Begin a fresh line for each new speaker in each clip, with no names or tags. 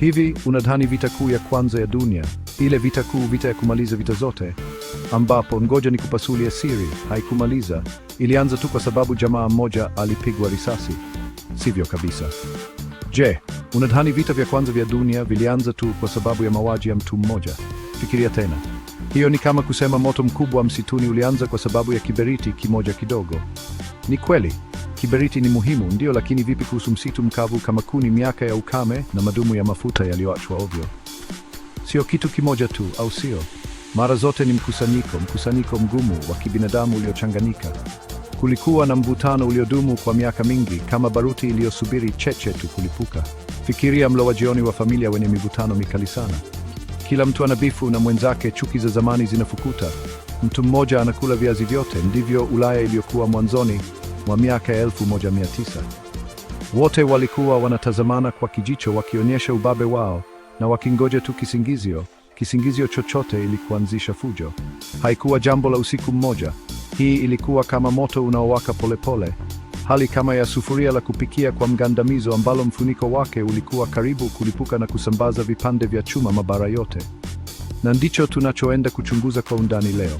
Hivi unadhani vita kuu ya kwanza ya dunia, ile vita kuu, vita ya kumaliza vita zote, ambapo ngoja ni kupasulia siri, haikumaliza, ilianza tu kwa sababu jamaa mmoja alipigwa risasi? Sivyo kabisa. Je, unadhani vita vya kwanza vya dunia vilianza tu kwa sababu ya mauaji ya mtu mmoja? Fikiria tena. Hiyo ni kama kusema moto mkubwa msituni ulianza kwa sababu ya kiberiti kimoja kidogo. Ni kweli Kiberiti ni muhimu, ndio, lakini vipi kuhusu msitu mkavu kama kuni, miaka ya ukame na madumu ya mafuta yaliyoachwa ovyo? Sio kitu kimoja tu, au sio? Mara zote ni mkusanyiko, mkusanyiko mgumu wa kibinadamu uliochanganyika. Kulikuwa na mvutano uliodumu kwa miaka mingi, kama baruti iliyosubiri cheche tu kulipuka. Fikiria mlo wa jioni wa familia wenye mivutano mikali sana. Kila mtu ana bifu na mwenzake, chuki za zamani zinafukuta. Mtu mmoja anakula viazi vyote. Ndivyo Ulaya iliyokuwa mwanzoni wa miaka elfu moja mia tisa. Wote walikuwa wanatazamana kwa kijicho, wakionyesha ubabe wao na wakingoja tu kisingizio, kisingizio chochote ili kuanzisha fujo. Haikuwa jambo la usiku mmoja. Hii ilikuwa kama moto unaowaka polepole pole, hali kama ya sufuria la kupikia kwa mgandamizo ambalo mfuniko wake ulikuwa karibu kulipuka na kusambaza vipande vya chuma mabara yote, na ndicho tunachoenda kuchunguza kwa undani leo.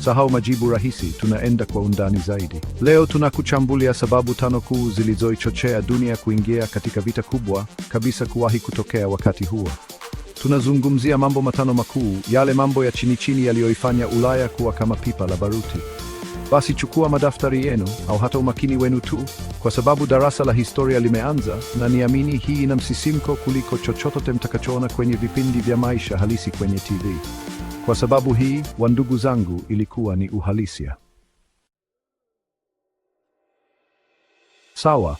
Sahau majibu rahisi, tunaenda kwa undani zaidi. Leo tunakuchambulia sababu tano kuu zilizoichochea dunia kuingia katika vita kubwa kabisa kuwahi kutokea wakati huo. Tunazungumzia mambo matano makuu, yale mambo ya chini chini yaliyoifanya Ulaya kuwa kama pipa la baruti. Basi chukua madaftari yenu au hata umakini wenu tu, kwa sababu darasa la historia limeanza, na niamini hii ina msisimko kuliko chochote mtakachoona kwenye vipindi vya maisha halisi kwenye TV. Kwa sababu hii, wa ndugu zangu, ilikuwa ni uhalisia. Sawa.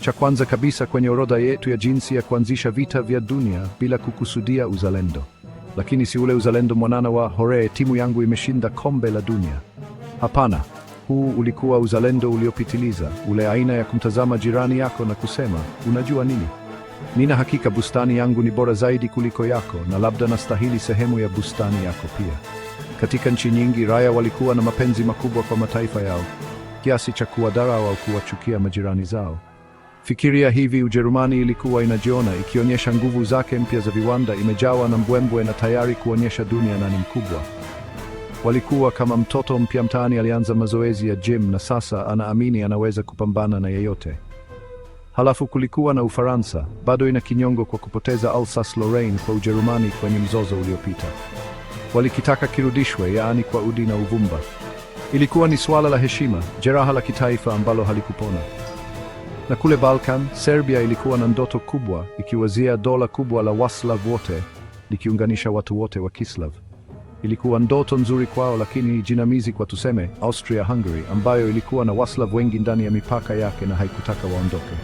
Cha kwanza kabisa kwenye orodha yetu ya jinsi ya kuanzisha vita vya dunia bila kukusudia, uzalendo. Lakini si ule uzalendo mwanana wa hore, timu yangu imeshinda kombe la dunia. Hapana, huu ulikuwa uzalendo uliopitiliza, ule aina ya kumtazama jirani yako na kusema unajua nini Nina hakika bustani yangu ni bora zaidi kuliko yako, na labda nastahili sehemu ya bustani yako pia. Katika nchi nyingi, raia walikuwa na mapenzi makubwa kwa mataifa yao kiasi cha kuwadharau au kuwachukia majirani zao. Fikiria hivi, Ujerumani ilikuwa inajiona, ikionyesha nguvu zake mpya za viwanda, imejawa na mbwembwe na tayari kuonyesha dunia nani mkubwa. Walikuwa kama mtoto mpya mtaani, alianza mazoezi ya gym na sasa anaamini anaweza kupambana na yeyote. Halafu kulikuwa na Ufaransa, bado ina kinyongo kwa kupoteza Alsace-Lorraine kwa Ujerumani kwenye mzozo uliopita. Walikitaka kirudishwe, yaani kwa udi na uvumba. Ilikuwa ni suala la heshima, jeraha la kitaifa ambalo halikupona. Na kule Balkan, Serbia ilikuwa na ndoto kubwa, ikiwazia dola kubwa la Waslav wote likiunganisha watu wote wa Kislav. Ilikuwa ndoto nzuri kwao, lakini jinamizi kwa tuseme Austria-Hungary ambayo ilikuwa na Waslav wengi ndani ya mipaka yake na haikutaka waondoke.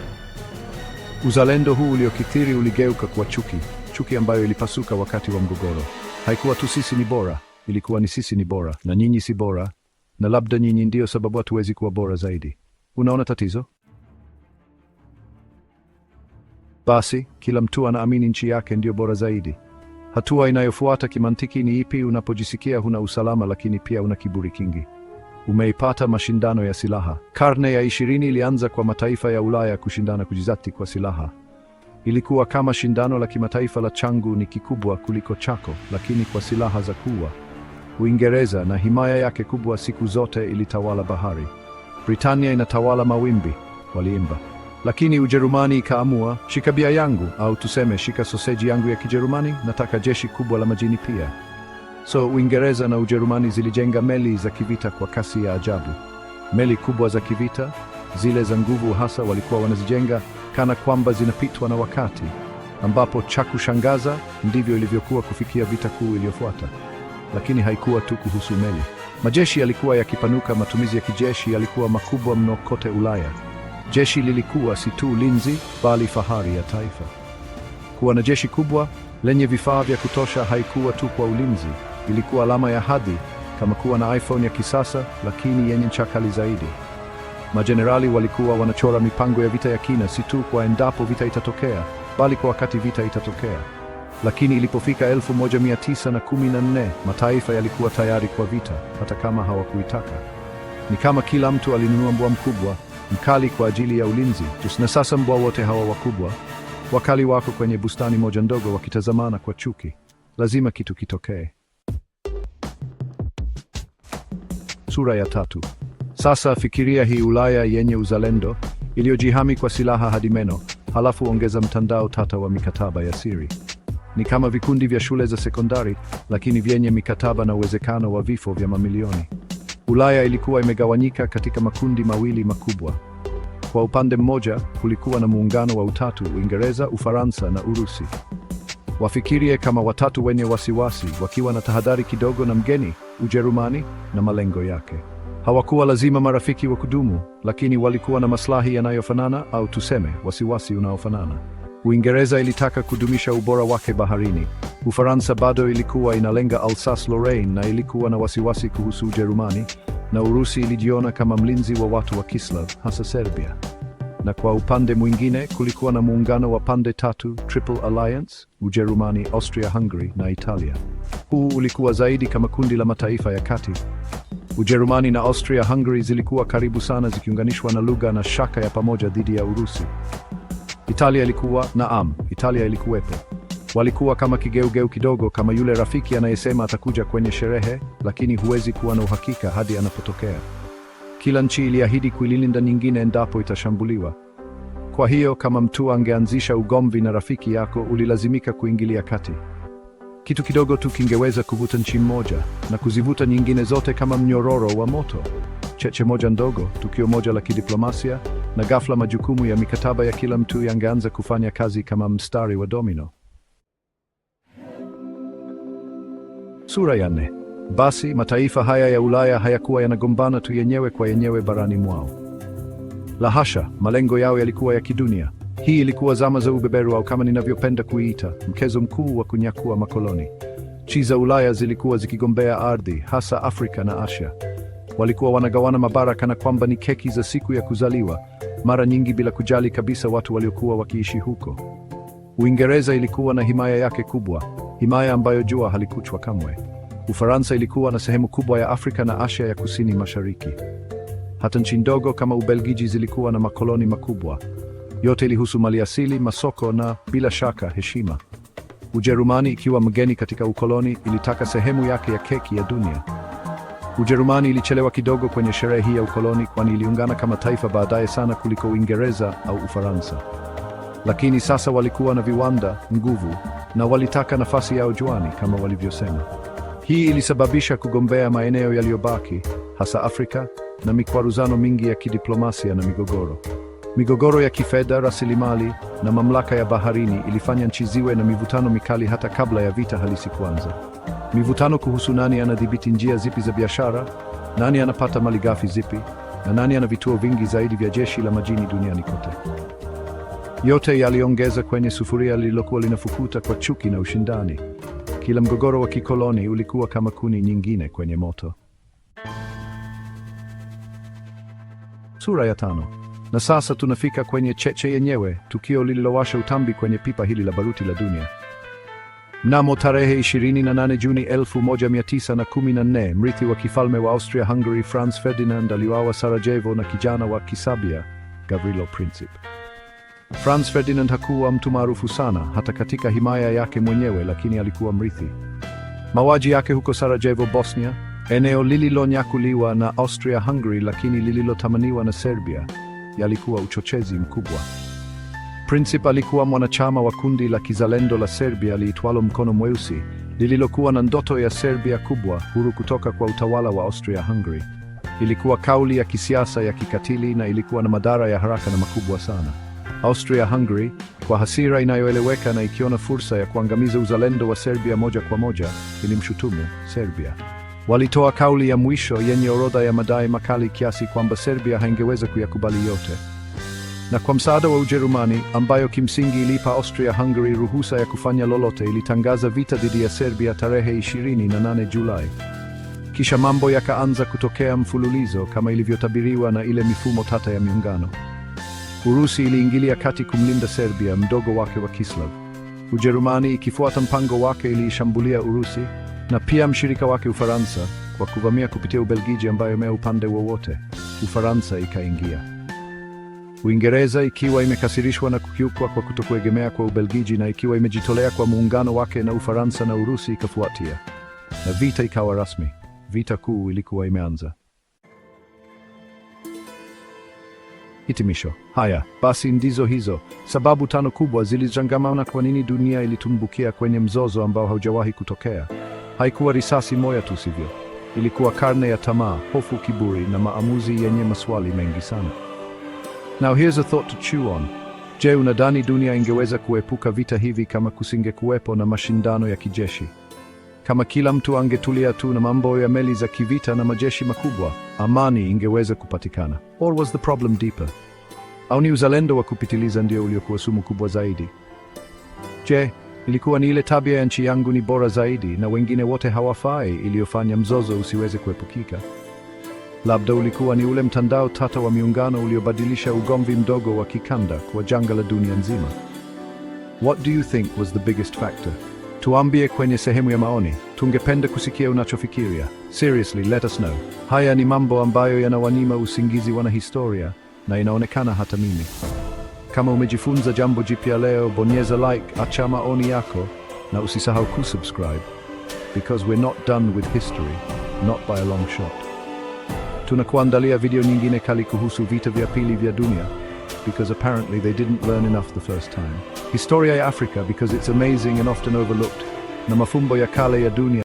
Uzalendo huu uliokithiri uligeuka kuwa chuki, chuki ambayo ilipasuka wakati wa mgogoro. Haikuwa tu sisi ni bora, ilikuwa ni sisi ni bora na nyinyi si bora, na labda nyinyi ndiyo sababu hatuwezi kuwa bora zaidi. Unaona tatizo? Basi kila mtu anaamini nchi yake ndiyo bora zaidi. Hatua inayofuata kimantiki ni ipi? Unapojisikia huna usalama, lakini pia una kiburi kingi umeipata mashindano ya silaha. Karne ya ishirini ilianza kwa mataifa ya Ulaya kushindana kujizati kwa silaha. Ilikuwa kama shindano la kimataifa la changu ni kikubwa kuliko chako, lakini kwa silaha za kuua. Uingereza na himaya yake kubwa siku zote ilitawala bahari. Britania inatawala mawimbi, waliimba. Lakini Ujerumani ikaamua, shika bia yangu, au tuseme shika soseji yangu ya Kijerumani, nataka jeshi kubwa la majini pia. So Uingereza na Ujerumani zilijenga meli za kivita kwa kasi ya ajabu. Meli kubwa za kivita, zile za nguvu hasa, walikuwa wanazijenga kana kwamba zinapitwa na wakati, ambapo cha kushangaza ndivyo ilivyokuwa kufikia vita kuu iliyofuata. Lakini haikuwa tu kuhusu meli. Majeshi yalikuwa yakipanuka, matumizi ya kijeshi yalikuwa makubwa mno kote Ulaya. Jeshi lilikuwa si tu ulinzi, bali fahari ya taifa. Kuwa na jeshi kubwa lenye vifaa vya kutosha haikuwa tu kwa ulinzi ilikuwa alama ya hadhi, kama kuwa na iPhone ya kisasa lakini yenye ncha kali zaidi. Majenerali walikuwa wanachora mipango ya vita ya kina, si tu kwa endapo vita itatokea, bali kwa wakati vita itatokea. Lakini ilipofika 1914 mataifa yalikuwa tayari kwa vita, hata kama hawakuitaka. Ni kama kila mtu alinunua mbwa mkubwa mkali kwa ajili ya ulinzi. Na sasa mbwa wote hawa wakubwa wakali wako kwenye bustani moja ndogo, wakitazamana kwa chuki. Lazima kitu kitokee. sura ya tatu. Sasa fikiria hii Ulaya yenye uzalendo iliyojihami kwa silaha hadi meno, halafu ongeza mtandao tata wa mikataba ya siri. Ni kama vikundi vya shule za sekondari, lakini vyenye mikataba na uwezekano wa vifo vya mamilioni. Ulaya ilikuwa imegawanyika katika makundi mawili makubwa. Kwa upande mmoja kulikuwa na muungano wa utatu, Uingereza, Ufaransa na Urusi. Wafikirie kama watatu wenye wasiwasi, wakiwa na tahadhari kidogo na mgeni Ujerumani na malengo yake. Hawakuwa lazima marafiki wa kudumu, lakini walikuwa na maslahi yanayofanana au tuseme wasiwasi unaofanana. Uingereza ilitaka kudumisha ubora wake baharini. Ufaransa bado ilikuwa inalenga Alsace-Lorraine na ilikuwa na wasiwasi kuhusu Ujerumani, na Urusi ilijiona kama mlinzi wa watu wa Kislav, hasa Serbia. Na kwa upande mwingine kulikuwa na muungano wa pande tatu, Triple Alliance: Ujerumani, Austria-Hungary na Italia huu ulikuwa zaidi kama kundi la mataifa ya kati. Ujerumani na Austria-Hungary zilikuwa karibu sana, zikiunganishwa na lugha na shaka ya pamoja dhidi ya Urusi. Italia ilikuwa naam, Italia ilikuwepo. Walikuwa kama kigeugeu kidogo, kama yule rafiki anayesema atakuja kwenye sherehe, lakini huwezi kuwa na uhakika hadi anapotokea. Kila nchi iliahidi kuilinda nyingine endapo itashambuliwa. Kwa hiyo kama mtu angeanzisha ugomvi na rafiki yako, ulilazimika kuingilia kati. Kitu kidogo tu kingeweza kuvuta nchi moja na kuzivuta nyingine zote kama mnyororo wa moto. Cheche moja ndogo, tukio moja la kidiplomasia, na ghafla majukumu ya mikataba ya kila mtu yangeanza kufanya kazi kama mstari wa domino. Sura ya nne. Basi mataifa haya ya Ulaya hayakuwa yanagombana tu yenyewe kwa yenyewe barani mwao. La hasha, malengo yao yalikuwa ya kidunia. Hii ilikuwa zama za ubeberu au kama ninavyopenda kuiita, mchezo mkuu wa kunyakua makoloni. Nchi za Ulaya zilikuwa zikigombea ardhi, hasa Afrika na Asia. Walikuwa wanagawana mabara kana kwamba ni keki za siku ya kuzaliwa, mara nyingi bila kujali kabisa watu waliokuwa wakiishi huko. Uingereza ilikuwa na himaya yake kubwa, himaya ambayo jua halikuchwa kamwe. Ufaransa ilikuwa na sehemu kubwa ya Afrika na Asia ya kusini mashariki. Hata nchi ndogo kama Ubelgiji zilikuwa na makoloni makubwa. Yote ilihusu maliasili, masoko na bila shaka heshima. Ujerumani ikiwa mgeni katika ukoloni ilitaka sehemu yake ya keki ya dunia. Ujerumani ilichelewa kidogo kwenye sherehe hii ya ukoloni, kwani iliungana kama taifa baadaye sana kuliko Uingereza au Ufaransa. Lakini sasa walikuwa na viwanda, nguvu na walitaka nafasi yao juani kama walivyosema. Hii ilisababisha kugombea maeneo yaliyobaki, hasa Afrika, na mikwaruzano mingi ya kidiplomasia na migogoro. Migogoro ya kifedha, rasilimali na mamlaka ya baharini ilifanya nchi ziwe na mivutano mikali hata kabla ya vita halisi kuanza. Mivutano kuhusu nani anadhibiti njia zipi za biashara, nani anapata malighafi zipi, na nani ana vituo vingi zaidi vya jeshi la majini duniani kote. Yote yaliongeza kwenye sufuria lililokuwa linafukuta kwa chuki na ushindani. Kila mgogoro wa kikoloni ulikuwa kama kuni nyingine kwenye moto. Sura ya tano. Na sasa tunafika kwenye cheche yenyewe, tukio lililowasha utambi kwenye pipa hili la baruti la dunia. Mnamo tarehe 28 Juni 1914, mrithi wa kifalme wa Austria-Hungary Franz Ferdinand aliuawa Sarajevo na kijana wa Kisabia Gavrilo Princip. Franz Ferdinand hakuwa mtu maarufu sana hata katika himaya yake mwenyewe, lakini alikuwa mrithi. Mauaji yake huko Sarajevo, Bosnia, eneo lililonyakuliwa na Austria-Hungary lakini lililotamaniwa na Serbia yalikuwa uchochezi mkubwa. Princip alikuwa mwanachama wa kundi la kizalendo la Serbia liitwalo Mkono Mweusi, lililokuwa na ndoto ya Serbia kubwa huru kutoka kwa utawala wa Austria-Hungary. Ilikuwa kauli ya kisiasa ya kikatili na ilikuwa na madhara ya haraka na makubwa sana. Austria-Hungary kwa hasira inayoeleweka na ikiona fursa ya kuangamiza uzalendo wa Serbia moja kwa moja, ilimshutumu Serbia. Walitoa kauli ya mwisho yenye orodha ya madai makali kiasi kwamba Serbia haingeweza kuyakubali yote, na kwa msaada wa Ujerumani ambayo kimsingi ilipa Austria-Hungary ruhusa ya kufanya lolote, ilitangaza vita dhidi ya Serbia tarehe 28 Julai. Kisha mambo yakaanza kutokea mfululizo kama ilivyotabiriwa na ile mifumo tata ya miungano. Urusi iliingilia kati kumlinda Serbia, mdogo wake wa Kislav. Ujerumani ikifuata mpango wake iliishambulia Urusi na pia mshirika wake Ufaransa kwa kuvamia kupitia Ubelgiji ambayo mea upande wowote Ufaransa ikaingia. Uingereza ikiwa imekasirishwa na kukiukwa kwa kutokuegemea kwa Ubelgiji na ikiwa imejitolea kwa muungano wake na Ufaransa na Urusi ikafuatia, na vita ikawa rasmi. Vita kuu ilikuwa imeanza. Hitimisho. Haya basi, ndizo hizo sababu tano kubwa zilizochangamana kwa nini dunia ilitumbukia kwenye mzozo ambao haujawahi kutokea. Haikuwa risasi moja tu, sivyo? Ilikuwa karne ya tamaa, hofu, kiburi na maamuzi yenye maswali mengi sana. Now here's a thought to chew on. Je, unadhani dunia ingeweza kuepuka vita hivi kama kusingekuwepo na mashindano ya kijeshi? Kama kila mtu angetulia tu na mambo ya meli za kivita na majeshi makubwa, amani ingeweza kupatikana? Or was the problem deeper? Au ni uzalendo wa kupitiliza ndio uliokuwa sumu kubwa zaidi? Je, Ilikuwa ni ile tabia ya nchi yangu ni bora zaidi na wengine wote hawafai iliyofanya mzozo usiweze kuepukika. Labda ulikuwa ni ule mtandao tata wa miungano uliobadilisha ugomvi mdogo wa kikanda kwa janga la dunia nzima. What do you think was the biggest factor? Tuambie kwenye sehemu ya maoni. Tungependa kusikia unachofikiria. Seriously, let us know. Haya ni mambo ambayo yanawanyima usingizi wanahistoria na inaonekana hata mimi. Kama umejifunza jambo jipya leo, bonyeza like, acha maoni yako na usisahau kusubscribe because we're not done with history, not by a long shot. Tunakuandalia video nyingine kali kuhusu vita vya pili vya dunia because apparently they didn't learn enough the first time. Historia ya Afrika because it's amazing and often overlooked, na mafumbo ya kale ya dunia